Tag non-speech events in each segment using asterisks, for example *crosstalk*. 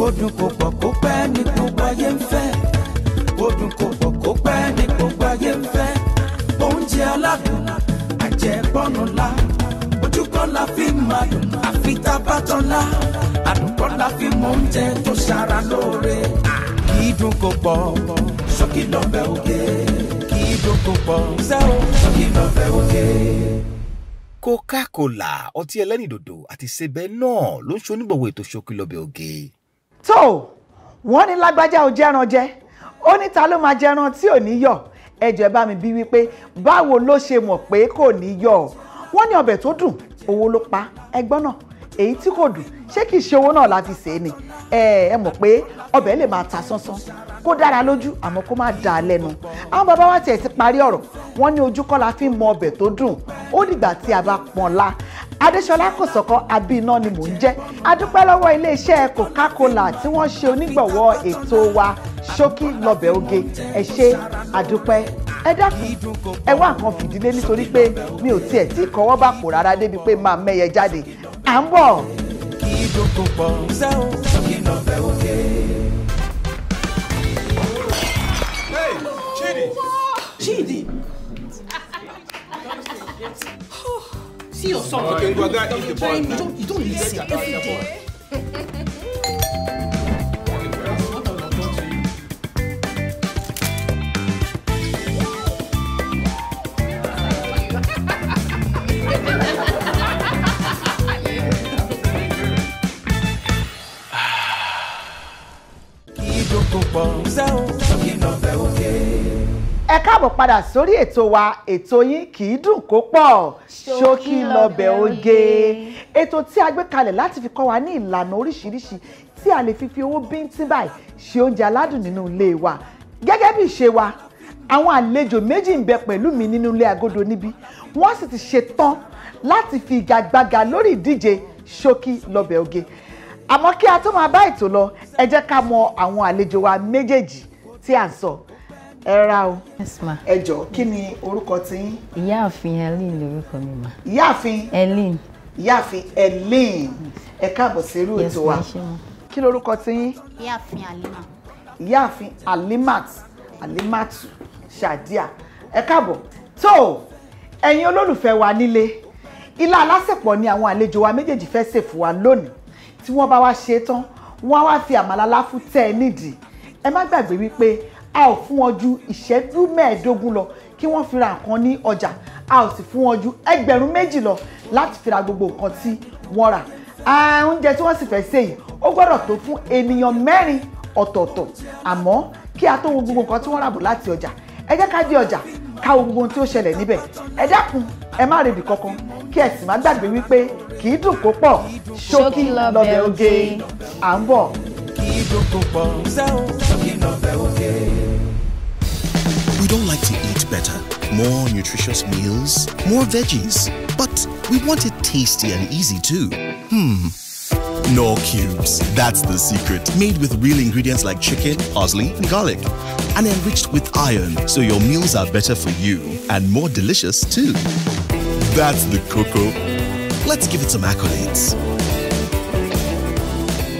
kó dùn kó pọ̀ kó pẹ́ ní gbogbo ayé ń fẹ́ kó dùn kó pọ̀ kó pẹ́ ní gbogbo ayé ń fẹ́ oúnjẹ aládùn àjẹbọ́nu la ojúkọ́ la fi máa dùn àfi tá a bá tán la àdùnkọ́ la fi mọ oúnjẹ tó ṣara lóore kì í dùn kó pọ̀ sókè lọ́bẹ̀ òkè kì í dùn kó pọ̀ sókè lọ́bẹ̀ òkè coca-cola ọtí ẹlẹ́rìndòdò àti sebẹ̀ náà ló ń ṣonígbọ̀wọ́ ètò ṣókí lọ́bẹ̀ oge tó wọ́n ní lágbájá ò jẹran jẹ ó ní ta ló máa jẹran tí ò ní yọ̀ ẹjọ bá mi bí wípé báwo ló ṣe mọ̀ pé kò ní yọ̀ wọ́n ní ọbẹ̀ tó dùn owó ló pa ẹgbọ́n náà èyí tí kò dùn ṣé kìí ṣe owó náà la fi ṣe é ni ẹ mọ̀ pé ọbẹ̀ lè máa ta sánsán kó dára lójú àmọ́ kó má da lẹ́nu àwọn bàbá wa tiẹ̀ ti parí ọ̀rọ̀ wọ́n ní ojú kọ́ la fi mọ ọbẹ̀ tó dùn ó dìgbà tí a bá pọ́n la adéṣọlá kòsọ̀kọ abiná ni mò ń jẹ́ adúpẹ́ lọ́wọ́ iléeṣẹ́ coca-cola tí wọ́n ṣe onígbọ̀wọ́ ètò wa ṣókí lọ́bẹ̀ oge ẹ ṣe adúpẹ́ ẹ dákun ẹ wá nǹkan fìdílé nítorí pé mi ò tiẹ̀ tí kọ́wọ́ bá pò rárá débi pé máa mẹ́yẹ jáde à ń bọ̀. Chidi! Chidi! *laughs* Oh. see your son. Okay, you, you, you, you don't káàbọ̀ padà sórí ètò wa ètò yín kì í dùn kó pọ̀ ṣókí lọ́bẹ̀ oge ètò tí a gbé kalẹ̀ láti fi kọ́ wa ní ìlànà oríṣiríṣi tí a lè fi fi owó bíntín báyìí ṣe oúnjẹ aládùn nínú ilé wa gẹ́gẹ́ bí ìṣe wa àwọn àlejò méjì ń bẹ pẹ̀lú mi nínú ilé agodo níbí wọ́n sì ti ṣetán láti fi ìgagbága lórí ìdíje ṣókí lọ́bẹ̀ oge àmọ́ kí a tó máa bá ètò lọ ẹ jẹ́ ká mọ àwọn àlejò wa méjèèjì tí à ń sọ ẹ ra o ẹ jọ kí ni orúkọ tiyín. ìyáàfin Helen lorúkọ mi mà. ìyáàfin Helen. ìyáàfin Helen ẹ káàbọ̀ sí irú ètò wa kí lorúkọ tiyín. ìyáàfin Halima. ìyáàfin Halimat Halimatu Sadiya ẹ káàbọ̀ tó ẹ̀yin olólùfẹ́ wa nílé ilá alásèpọ̀ ni àwọn àlejò wa méjèèjì fẹ́ sè fún wa lónìí tí wọ́n bá wá ṣe tán wọ́n á wá fi àmàlà láfú tẹ́ ẹ nídìí ẹ má gbàgbé wípé a ò fún wọn ju ìṣẹ́jú mẹ́ẹ̀ẹ́dógún lọ kí wọ́n fi ra nǹkan ní ọjà a ò sì fún wọn ju ẹgbẹ̀rún méjì lọ láti fi ra gbogbo nǹkan tí wọ́n rà oúnjẹ tí wọ́n sì fẹ́ sè yìí ó gbọ́dọ̀ tó fún ènìyàn mẹ́rin ọ̀tọ̀ọ̀tọ̀ àmọ́ kí a tó wo gbogbo nǹkan tí wọ́n rà bọ̀ láti ọjà ẹ jẹ́ ká dé ọjà ká wo gbogbo ohun tí ó ṣẹlẹ̀ níbẹ̀ ẹ dákun ẹ má rebi kankan kí ẹ sì má gbàgbé wípé kì í dùn kó pọ̀ ṣókí lọ́bẹ̀ oge à ń bọ̀. We don't like to eat better. More nutritious meals, more veggies. But we want it tasty and easy too. Hmm. no Cubes. That's the secret. Made with real ingredients like chicken, parsley, and garlic. And enriched with iron, so your meals are better for you and more delicious too. That's the cocoa. Let's give it some accolades.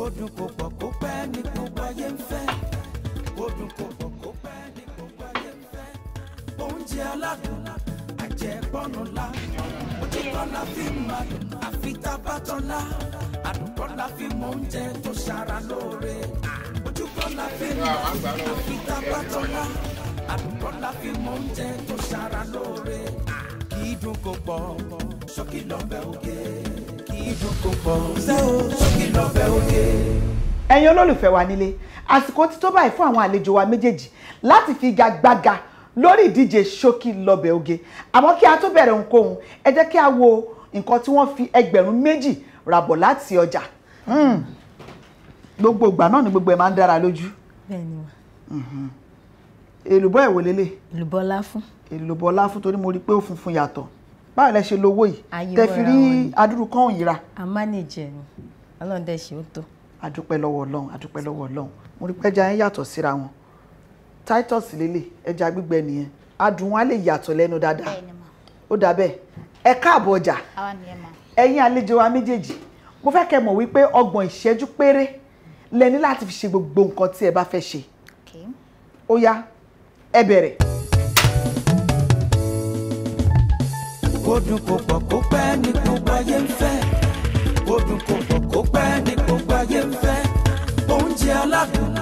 kó dùn kó pọ̀ kó pẹ́ ní gbogbo ayé ń fẹ́ kó dùn kó pọ̀ kó pẹ́ ní gbogbo ayé ń fẹ́ oúnjẹ aládùn àjẹgbọ́nu la òtítọ́ la fi máa àfi tábàtàn la àdùkọ́ la fi mọ oúnjẹ tó ṣara lóore ojúkọ́ la fi máa dùn àfi tábàtàn la àdùkọ́ la fi mọ oúnjẹ tó ṣara lóore kì í dùn kó pọ̀ ṣókí lọ́bẹ̀ ògè ẹ̀yin olólùfẹ́ wa nílé àsìkò ti tó báyìí fún àwọn àlejò wa méjèèjì láti fi gagbága lórí ìdíje ṣókí lọ́bẹ̀ oge àmọ́ kí a tó bẹ̀rẹ̀ ohunkóhun ẹ jẹ́ kí a wo nǹkan tí wọ́n fi ẹgbẹ̀rún méjì ràbọ̀ láti ọjà hmm. gbogbo ìgbà náà ni gbogbo ẹ̀ máa ń dára lójú. bẹ́ẹ̀ni wa. Mhm. èlùbọ́ ẹ̀wò lélẹ̀. èlùbọ́ láfún. èlùbọ́ láfún torí mo rí i pé ó funfun yàtọ̀ báwo lẹ ṣe lówó yìí tẹ fi rí adúrú kan òyìn ra. a mánèjẹ ni Ọlọ́run dẹ ṣe ó tó. adúpẹ́ lọ́wọ́ Ọlọ́run adúpẹ́ lọ́wọ́ Ọlọ́run mo rí pẹ́jà yẹn yàtọ̀ síra wọn titus lélẹ̀ ẹja gbígbẹ nìyẹn adùn wọn á lè yàtọ̀ lẹ́nu dáadáa ó dà bẹ́ẹ̀ ẹ káàbọ̀ ọjà ẹ̀yin àlejò wa méjèèjì mo fẹ́ kẹ́ mọ̀ wípé ọgbọ̀n ìṣẹ́jú péré lẹ láti fi ṣe gbogbo nǹkan tí ẹ bá fẹ́ ṣe ó yá ẹ bẹ̀rẹ̀. dùn kò pọ̀ kó pẹ́ ní gbogbo ayé ń fẹ́ kó dùn kò pọ̀ kó pẹ́ ní gbogbo ayé ń fẹ́ oúnjẹ aládùn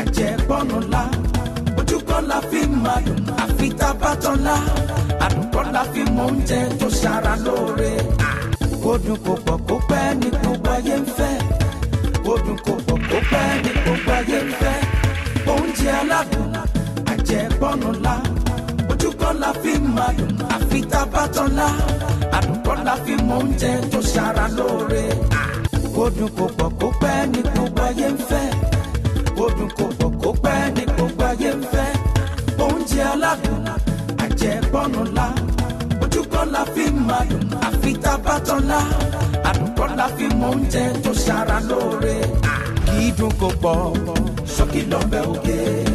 àjẹgbọ́nù la ojúkọ́ la fi máa dùn àfi tábàtàn la àdùkọ́ la fi mọ oúnjẹ tó ṣara lóore kó dùn kò pọ̀ kó pẹ́ ní gbogbo ayé ń fẹ́ kó kò pọ̀ kó pẹ́ ní gbogbo ayé ń fẹ́ oúnjẹ aládùn àjẹgbọ́nù la àdùkọ́ la fi máa dùn àfi tá a bá tán la àdùkọ́ la fi mọ oúnjẹ tó ṣara lóore. kó dùn pọ̀ kó pẹ́ ní gbogbo ayé ń fẹ́ kó dùn pọ̀ kó pẹ́ ní gbogbo ayé ń fẹ́ oúnjẹ aládùn àjẹbọ́nu la ojúkọ́ la fi máa dùn àfi tá fi mọ oúnjẹ tó ṣara lóore. kì í dùn kó pọ̀ ṣókí lọ́bẹ̀ oge. Okay.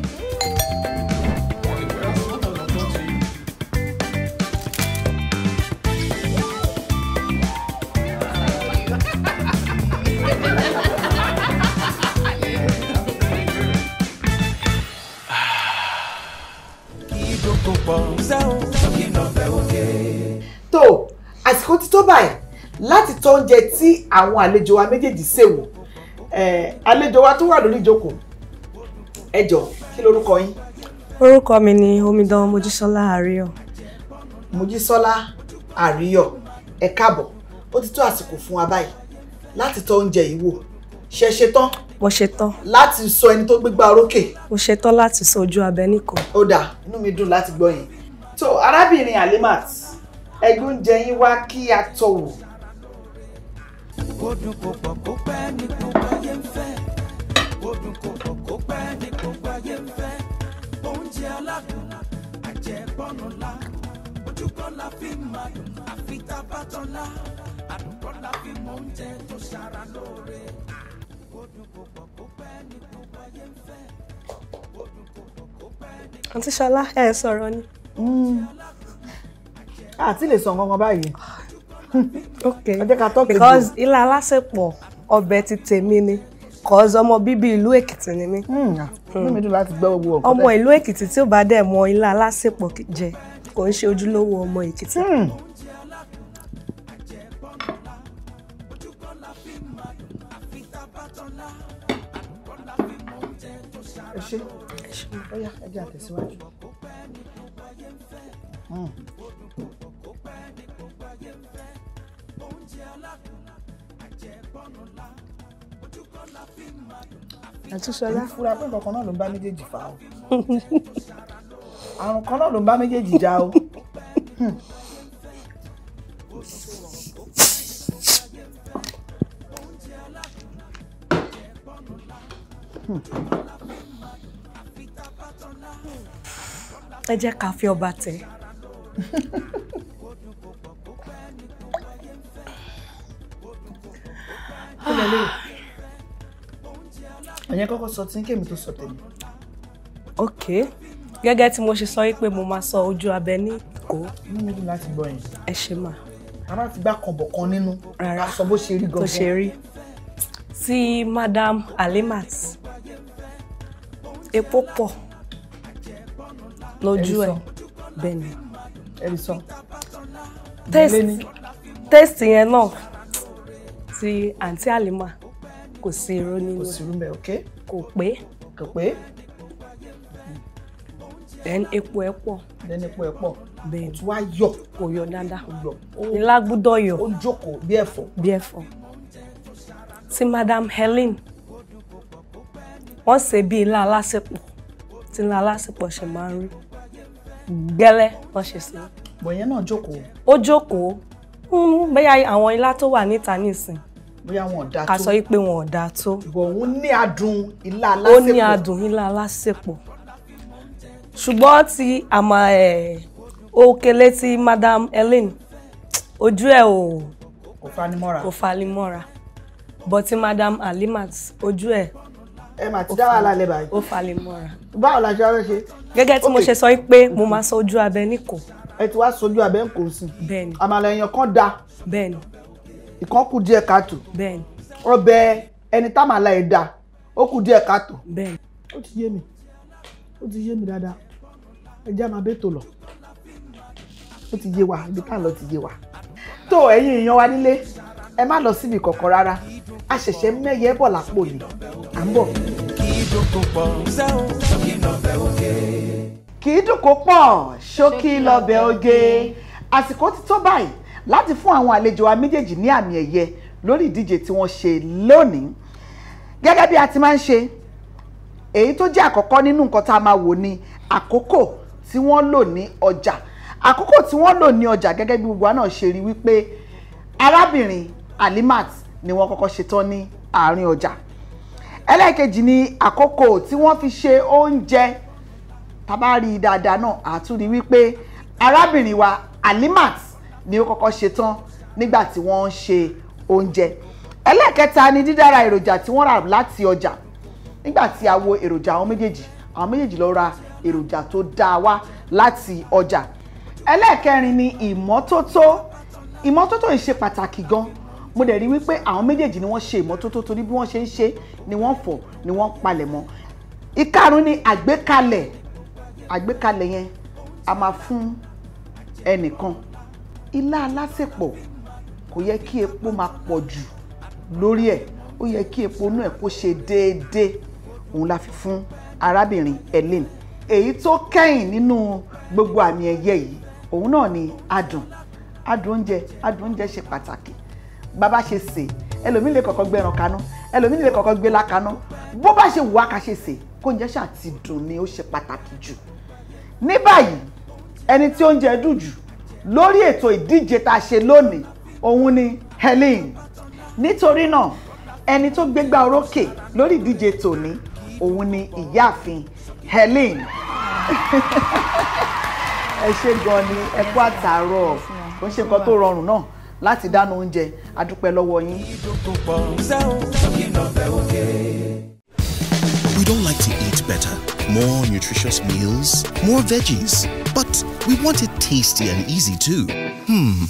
láti tọ́ oúnjẹ tí àwọn àlejò wa méjèèjì ṣèwò àlejò wa tó wà lórí ìjókòó ẹ jọ̀ọ́ kí lorúkọ yín. orúkọ mi ni omidan mojísọ́lá àríyọ̀. mojísọ́lá àríyọ̀ ẹ káàbọ̀ ó ti tó àsìkò fún wa báyìí láti tọ́ oúnjẹ yìí wò ṣe ṣe tán. mo ṣe tán. láti sọ ẹni tó gbégbá orókè. mo ṣe tán láti sọ ojú abẹ nìkan. ó dà inú mi dùn láti gbọ́ yẹn. so arábìnrin alimat ẹgbẹ́ oúnjẹ yín wá kí a tọ́ wò kó dùn kó pọ̀ kó pẹ́ a bá tán la àǹtí ṣọlá ẹ sọ̀rọ̀ ni. àti hmm. lè sọ nǹkan kan báyìí okay ẹ ká tọ́ kejì. because ilé alásèpọ̀ ọbẹ̀ ti tèmi ni cause ọmọ bíbí ìlú èkìtì ni mí. mímí ah, dùn láti gbọ́ gbogbo ọ̀kọ́ ọmọ ìlú èkìtì tí ó bá dẹ̀ mọ ilé alásèpọ̀ jẹ kò ń ṣe ojúlówó ọmọ èkìtì. Hmm. ẹ ṣe ó yá ẹ jẹ́ àtẹ̀síwájú. Hmm. àtúnṣọlá. mo fura pé kankan náà ló ń bá méjèèjì fà o àrùn kan náà ló ń bá méjèèjì jà o. ẹ jẹ́ ká fi ọba tẹ̀. *laughs* kó lẹ lérò ọ̀yẹn ah. kọ́kọ́ sọ tí kémi tó sọ tèmi. ok gẹ́gẹ́ tí mo ṣe sọ yìí pé mo máa sọ ojú abẹ ní ìkó. inú mi dùn láti gbọ́ yẹn. ẹ ṣe mà. a máa fi gbá kànbọ̀ kan nínú. rárá sọ bó ṣe rí gangan. tó ṣe rí sí madam alimat epo pọ̀ lójú ẹ̀ bẹ́ẹ̀ ni. ẹ lè sọ. tẹ́sì yẹn náà ti àǹtí àlìmà kò sí irú nínú kò sí irú bẹ́ẹ̀ ok kò pé kò pé then epo ẹ pọ̀ then epo ẹ pọ̀ bẹ́ẹ̀ tí wàá yọ kò yọ dáadáa kò yọ ńlá gbúdọ̀ yọ ó jókòó bí ẹ̀fọ́ bí ẹ̀fọ́ tí madam Helen wọ́n ṣe bí ilá alásèpọ̀ tí ilá alásèpọ̀ ṣe máa ń rí gbẹ́lẹ́ wọ́n ṣe sí. bọ̀yẹn náà jókòó. ó jókòó hmm, bẹ́ẹ̀ àwọn ilá tó wà níta nísìn bóyá wọn ò dáa tó ká sọ pé wọn ò dáa tó ìwọ òun ní adùn ilá alásèpọ̀ ó ní adùn ilá alásèpọ̀ ṣùgbọ́n ti àmà ẹ̀ òkèlè ti madam Helen ojú ẹ̀ ò kò fanimọ́ra kò but ti madam Alimat ojú ẹ̀ ẹ mà ti dá wàhálà lẹ báyìí. ó falẹ̀ báwo la ṣe wá ṣe. gẹ́gẹ́ tí mo ṣe sọ pé mo máa sọ ojú abẹ ní kò. ẹ ti wá sojú abẹ ń kò sí. bẹ́ẹ̀ni àmàlà èèyàn kan da. bẹ́ẹ̀ni ìkan kù díẹ̀ káàtó ọbẹ̀ ẹni tá màá la ẹ̀ dá ó kù díẹ̀ káàtó ó ti yé mi ó ti yé mi dáadáa ẹ jẹ́ àmà bẹ́ẹ̀ tó lọ ó ti yé wa ibi tá à ń lọ ti yé wa tó ẹ̀yin èèyàn wa nílé ẹ má lọ síbi kọ̀ọ̀kan rárá a ṣẹ̀ṣẹ̀ mẹ́yẹ bọ̀ lápò ni à ń bọ̀. kì í dùn kó pọ̀ ṣókí lọ́bẹ̀ oge àsìkò ti tó báyìí láti fún àwọn àlejò wa méjèèjì ní àmì ẹ̀yẹ lórí ìdíje tí wọ́n ṣe lónìí gẹ́gẹ́ bí a ti máa ń ṣe èyí tó jẹ́ àkọ́kọ́ nínú nǹkan tá a máa wò ni àkókò tí wọ́n lò ní ọjà àkókò tí wọ́n lò ní ọjà gẹ́gẹ́ bí gbogbo náà ṣe rí wípé arábìnrin Alimat ni wọ́n kọ́kọ́ ṣetán ní àárín ọjà ẹlẹ́ẹ̀kejì ni àkókò tí wọ́n fi ṣe oúnjẹ tá bá rí dáadáa náà àtúrí wípé arábìnrin wa Alimat ni ó kọ́kọ́ ṣe tán nígbà tí wọ́n ń ṣe oúnjẹ ẹlẹ́ẹ̀kẹta ni dídára èròjà tí wọ́n rà láti ọjà nígbà tí a wo èròjà àwọn méjèèjì àwọn méjèèjì lọ ra èròjà tó dáa wá láti ọjà ẹlẹ́ẹ̀kẹrin ni ìmọ́tótó ìmọ́tótó yìí ṣe pàtàkì gan mo dẹ̀ rí wípé àwọn méjèèjì ni wọ́n ṣe ìmọ́tótó torí bí wọ́n ṣe ń ṣe ni wọ́n fọ̀ ni wọ́n palẹ̀ mọ́ ìkarùn ni àgbékalẹ̀ àgbékalẹ̀ yẹn a máa fún ẹnìkan ilá alásèpọ̀ kò yẹ kí epo máa pọ̀ jù lórí ẹ̀ ó yẹ kí epo inú ẹ̀ kó ṣe déédéé òun la fi fún arábìnrin Helen èyí tó kẹ́yìn nínú gbogbo àmì ẹ̀yẹ yìí òun náà ni adùn adùn oúnjẹ adùn oúnjẹ ṣe pàtàkì bàbá ṣe sè ẹlòmíì lè kọ́kọ́ gbẹran kaná ẹlòmíì lè kọ́kọ́ gbéla kaná bó bá ṣe wù á ká ṣe sè kó oúnjẹ ṣáà ti dùn ni ó ṣe pàtàkì jù ní báyìí ẹni tí oúnjẹ dùn jù lórí ètò ìdíje tá a ṣe lónìí òun ni Helen nítorí náà ẹni tó gbégbá orókè lórí ìdíje tòní òun ni ìyáàfin Helen *laughs* ẹ ṣe gan ni ẹ kú kò ń ṣe nǹkan tó rọrùn náà láti dáná oúnjẹ a dúpẹ́ lọ́wọ́ yín. don't like to eat better? More nutritious meals? More veggies? But we want it tasty and easy too. Hmm.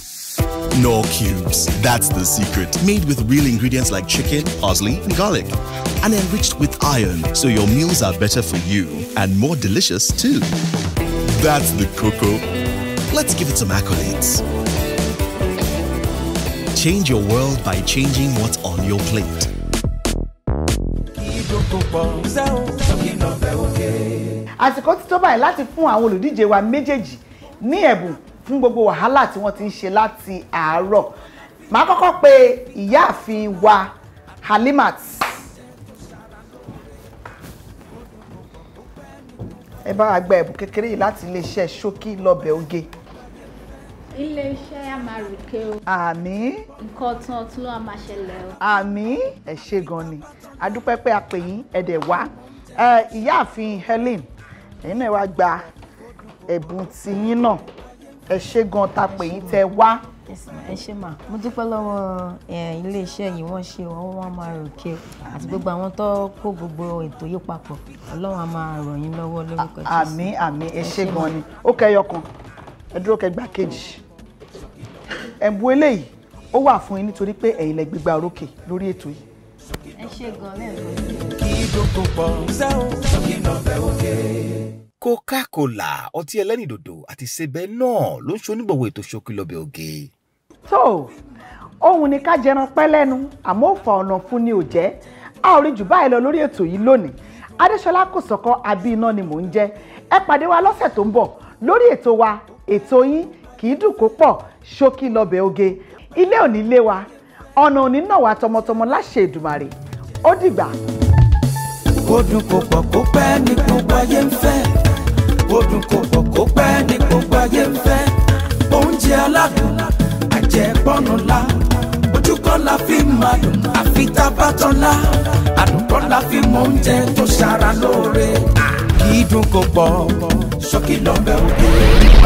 No Cubes. That's the secret. Made with real ingredients like chicken, parsley, and garlic. And enriched with iron, so your meals are better for you and more delicious too. That's the cocoa. Let's give it some accolades. Change your world by changing what's on your plate. jókòó àsìkò ti tó báyìí láti fún àwọn olùdíje wa méjèèjì ní ẹ̀bùn fún gbogbo wàhálà tí wọ́n ti ń ṣe láti àárọ̀ màá kọ́kọ́ pe ìyáàfin wa Halimat ẹ bá wa gba ẹ̀bùn kékeré yìí láti iléeṣẹ́ ṣókí lọ́bẹ̀ oge ilé iṣẹ́ amárùkẹ o. àmín. nǹkan tán tún ló máa ṣẹlẹ̀ o. àmín ẹ ṣe gan ni adúpẹ́ pé a pè yín ẹ̀dẹ̀ wá ìyáàfin Helen ẹ̀yin náà wá gba ẹ̀bùn tiyín náà ẹ ṣe gan ta pè yín tẹ wá. ẹ ṣe mà mo dúpẹ́ lọ́wọ́ ilé iṣẹ́ yìí wọ́n ṣe wọ́n wọ́n máa ròkè àti gbogbo àwọn tó kó gbogbo ètò yìí papọ̀ ọlọ́run á máa ràn yín lọ́wọ́ lórúkọ Jésù. àmín àmín ẹ ṣe gan ni ó kẹyọ kan ẹ dúró kẹgbà kejì ẹ̀bùn eléyìí ó wà fún yín nítorí pé ẹ̀yin lẹ gbégbá orókè lórí ètò yìí. ẹ ṣe gan lẹ́ẹ̀kan. kí Coca-Cola ọtí ẹlẹ́rìndòdò àti sebẹ̀ náà ló ń ṣonígbọ̀wọ́ ètò ṣókí lọ́bẹ̀ ògè. o ohun ni ká jẹran pẹ́ lẹ́nu àmọ́ òfà ọ̀nà fún ni ò jẹ́ a ò rí jù báyìí lọ lórí ètò yìí lónìí Adéṣọlá Kòsọ́kọ́ àbí iná ni mò ń jẹ́ ẹ pàdé wa lọ́sẹ̀ tó ń bọ̀ lórí ètò wa ètò yín kì í dùn kó pọ̀ ṣókí lọ́bẹ̀ oge ilé ò ní lé wa ọ̀nà ò ní nà wá tọmọtọmọ láṣẹ Èdùmàrè ó dìgbà. ó kò pọ̀ kó pẹ́ ní gbogbo ayé ń fẹ́ ó kò pọ̀ kó pẹ́ ní gbogbo ayé ń fẹ́ oúnjẹ aládùn àjẹpọ́nù la ojúkọ́ la fi máa dùn àfi tá a bá tán la àdùnkọ́ la fi mọ oúnjẹ tó ṣara lóore kì í kò pọ̀ ṣókí lọ́bẹ̀ oge.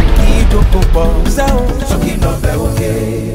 to go bounce que não you é o okay.